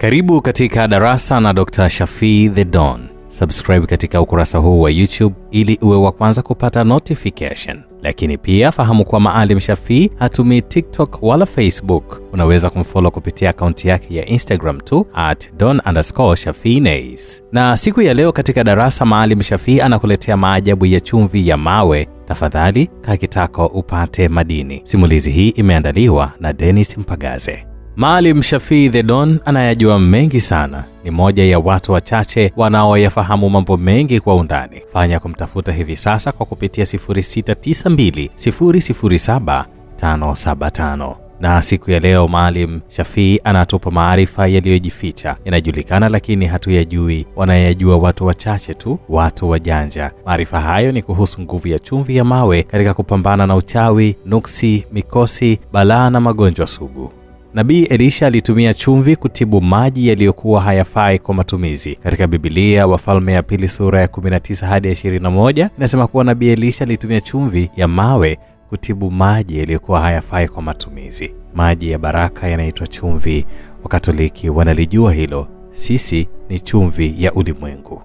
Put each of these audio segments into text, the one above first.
Karibu katika darasa na Dr. Shafii The Don. Subscribe katika ukurasa huu wa YouTube ili uwe wa kwanza kupata notification. Lakini pia fahamu kuwa Maalim Shafii hatumii TikTok wala Facebook. Unaweza kumfolo kupitia akaunti yake ya Instagram tu at don underscore shafii nas Na siku ya leo katika darasa, Maalim Shafii anakuletea maajabu ya chumvi ya mawe. Tafadhali kakitako upate madini. Simulizi hii imeandaliwa na denis Mpagaze. Maalim Shafii The Don anayajua mengi sana, ni moja ya watu wachache wanaoyafahamu mambo mengi kwa undani. Fanya kumtafuta hivi sasa kwa kupitia 0692007575 Na siku ya leo Maalim Shafii anatupa maarifa yaliyojificha, yanajulikana lakini hatuyajui, wanayajua watu wachache tu, watu wajanja. Maarifa hayo ni kuhusu nguvu ya chumvi ya mawe katika kupambana na uchawi, nuksi, mikosi, balaa na magonjwa sugu. Nabii Elisha alitumia chumvi kutibu maji yaliyokuwa hayafai kwa matumizi. Katika Bibilia, Wafalme ya Pili sura ya 19 hadi ya 21 inasema kuwa nabii Elisha alitumia chumvi ya mawe kutibu maji yaliyokuwa hayafai kwa matumizi. Maji ya baraka yanaitwa chumvi. Wakatoliki wanalijua hilo. Sisi ni chumvi ya ulimwengu.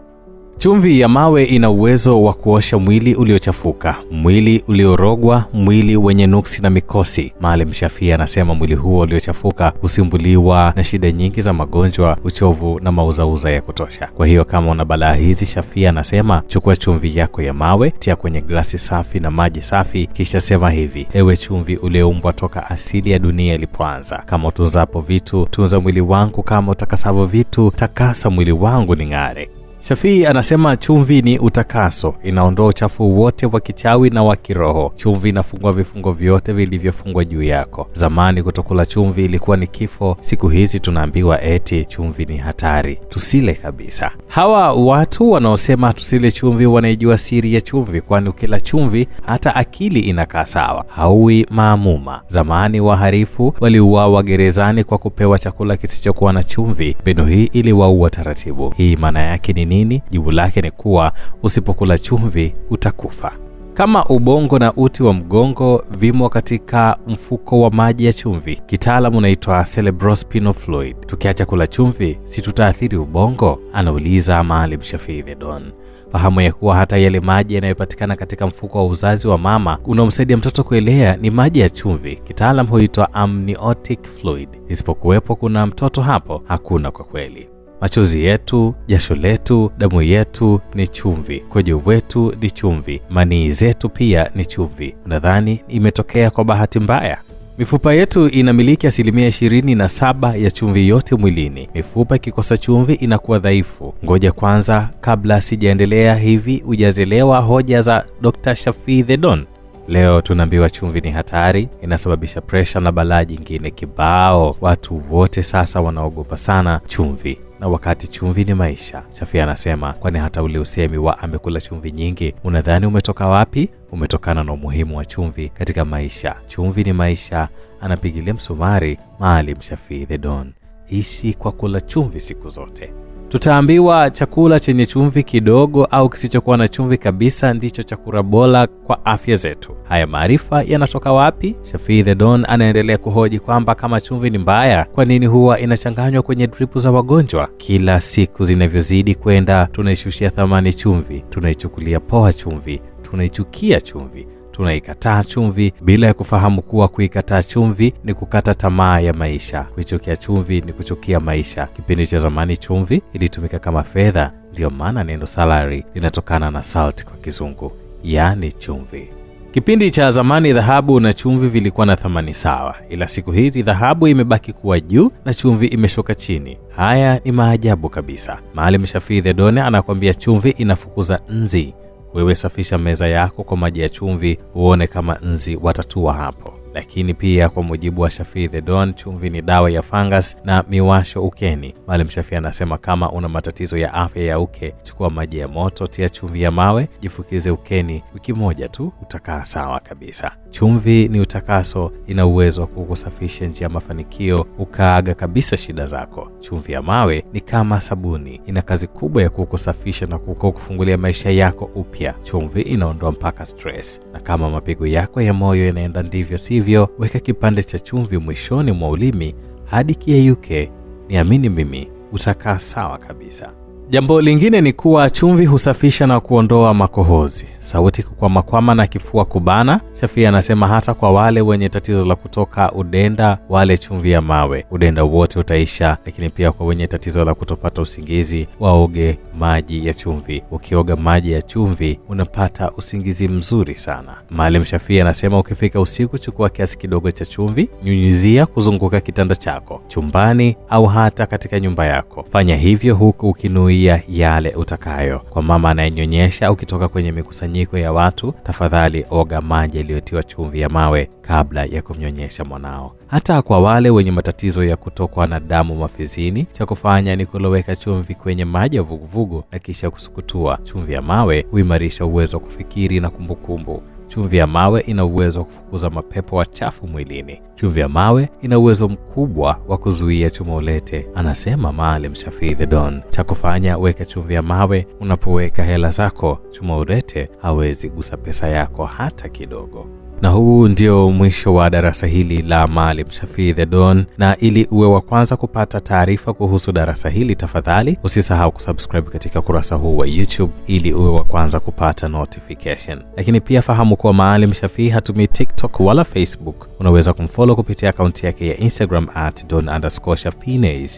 Chumvi ya mawe ina uwezo wa kuosha mwili uliochafuka, mwili uliorogwa, mwili wenye nuksi na mikosi. Maalim shafia anasema mwili huo uliochafuka husimbuliwa na shida nyingi za magonjwa, uchovu na mauzauza ya kutosha. Kwa hiyo kama una balaa hizi, shafia anasema chukua chumvi yako ya mawe, tia kwenye glasi safi na maji safi, kisha sema hivi: ewe chumvi ulioumbwa toka asili ya dunia ilipoanza, kama utunzapo vitu, tunza mwili wangu kama utakasavyo vitu, takasa mwili wangu ning'are. Shafii anasema chumvi ni utakaso, inaondoa uchafu wote wa kichawi na wa kiroho. Chumvi inafungua vifungo vyote vilivyofungwa juu yako. Zamani kutokula chumvi ilikuwa ni kifo, siku hizi tunaambiwa eti chumvi ni hatari, tusile kabisa. Hawa watu wanaosema tusile chumvi wanaijua siri ya chumvi, kwani ukila chumvi hata akili inakaa sawa, haui maamuma. Zamani waharifu waliuawa gerezani kwa kupewa chakula kisichokuwa na chumvi. Mbinu hii iliwaua taratibu. Hii maana yake ni nini? Jibu lake ni kuwa usipokula chumvi utakufa. Kama ubongo na uti wa mgongo vimo katika mfuko wa maji ya chumvi, kitaalamu unaitwa cerebrospinal Tukiacha kula chumvi, si tutaathiri ubongo? Anauliza Maalim Shafii Don. Fahamu ya kuwa hata yale maji yanayopatikana katika mfuko wa uzazi wa mama unaomsaidia mtoto kuelea ni maji ya chumvi, kitaalam huitwa amniotic fluid. Isipokuwepo kuna mtoto hapo, hakuna kwa kweli. Machozi yetu, jasho letu, damu yetu ni chumvi, kojo wetu ni chumvi, manii zetu pia ni chumvi. Unadhani imetokea kwa bahati mbaya? Mifupa yetu inamiliki asilimia 27 ya chumvi yote mwilini. Mifupa ikikosa chumvi inakuwa dhaifu. Ngoja kwanza, kabla sijaendelea, hivi hujazelewa hoja za Dr. Shafi The Don? Leo tunaambiwa chumvi ni hatari, inasababisha presha na balaa jingine kibao. Watu wote sasa wanaogopa sana chumvi na wakati chumvi ni maisha. Shafii anasema kwani hata ule usemi wa amekula chumvi nyingi unadhani umetoka wapi? Umetokana na umuhimu wa chumvi katika maisha. Chumvi ni maisha, anapigilia msumari Maalim Shafii The Don. Ishi kwa kula chumvi siku zote. Tutaambiwa chakula chenye chumvi kidogo au kisichokuwa na chumvi kabisa ndicho chakula bora kwa afya zetu. Haya maarifa yanatoka wapi? Shafii the Don anaendelea kuhoji kwamba kama chumvi ni mbaya, kwa nini huwa inachanganywa kwenye dripu za wagonjwa? Kila siku zinavyozidi kwenda, tunaishushia thamani chumvi, tunaichukulia poa chumvi, tunaichukia chumvi tunaikataa chumvi bila ya kufahamu kuwa kuikataa chumvi ni kukata tamaa ya maisha. Kuichukia chumvi ni kuchukia maisha. Kipindi cha zamani chumvi ilitumika kama fedha, ndiyo maana neno salari linatokana na salt kwa Kizungu, yaani chumvi. Kipindi cha zamani dhahabu na chumvi vilikuwa na thamani sawa, ila siku hizi dhahabu imebaki kuwa juu na chumvi imeshuka chini. Haya ni maajabu kabisa. Maalim Shafii The anakuambia chumvi inafukuza nzi. Wewe safisha meza yako kwa maji ya chumvi, uone kama nzi watatua hapo lakini pia kwa mujibu wa Shafii The Don, chumvi ni dawa ya fangas na miwasho ukeni. Maalim shafi anasema kama una matatizo ya afya ya uke, chukua maji ya moto, tia chumvi ya mawe, jifukize ukeni, wiki moja tu utakaa sawa kabisa. Chumvi ni utakaso, ina uwezo wa kukusafisha njia ya mafanikio, ukaaga kabisa shida zako. Chumvi ya mawe ni kama sabuni, ina kazi kubwa ya kukusafisha na kukufungulia maisha yako upya. Chumvi inaondoa mpaka stress, na kama mapigo yako ya moyo yanaenda ndivyo sivyo hivyo weka kipande cha chumvi mwishoni mwa ulimi hadi kiyeyuke. Niamini mimi, utakaa sawa kabisa. Jambo lingine ni kuwa chumvi husafisha na kuondoa makohozi, sauti kukwamakwama na kifua kubana. Shafii anasema hata kwa wale wenye tatizo la kutoka udenda wale chumvi ya mawe, udenda wote utaisha. Lakini pia kwa wenye tatizo la kutopata usingizi waoge maji ya chumvi. Ukioga maji ya chumvi unapata usingizi mzuri sana. Maalim Shafii anasema ukifika usiku, chukua kiasi kidogo cha chumvi, nyunyizia kuzunguka kitanda chako, chumbani au hata katika nyumba yako. Fanya hivyo huku ukinui kuzuia yale utakayo. Kwa mama anayenyonyesha, ukitoka kwenye mikusanyiko ya watu, tafadhali oga maji yaliyotiwa chumvi ya mawe kabla ya kumnyonyesha mwanao. Hata kwa wale wenye matatizo ya kutokwa na damu mafizini, cha kufanya ni kuloweka chumvi kwenye maji ya vuguvugu na kisha kusukutua. Chumvi ya mawe huimarisha uwezo wa kufikiri na kumbukumbu. Chumvi ya mawe ina uwezo wa kufukuza mapepo wachafu mwilini. Chumvi ya mawe ina uwezo mkubwa wa kuzuia chuma ulete anasema Maalim Shafii The Don. Cha kufanya, weka chumvi ya mawe unapoweka hela zako. chuma ulete hawezi gusa pesa yako hata kidogo. Na huu ndio mwisho wa darasa hili la Maalim Shafii The Don, na ili uwe wa kwanza kupata taarifa kuhusu darasa hili, tafadhali usisahau kusubscribe katika kurasa huu wa YouTube ili uwe wa kwanza kupata notification. Lakini pia fahamu kuwa Maalim Shafii hatumii TikTok wala Facebook. Unaweza kumfollow kupitia akaunti yake ya Instagram at don underscore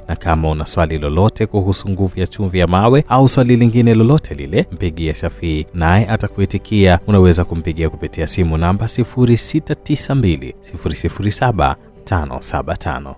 na kama una swali lolote kuhusu nguvu ya chumvi ya mawe au swali lingine lolote lile, mpigie Shafii naye atakuitikia. Unaweza kumpigia kupitia simu namba sifu 0692 007 575.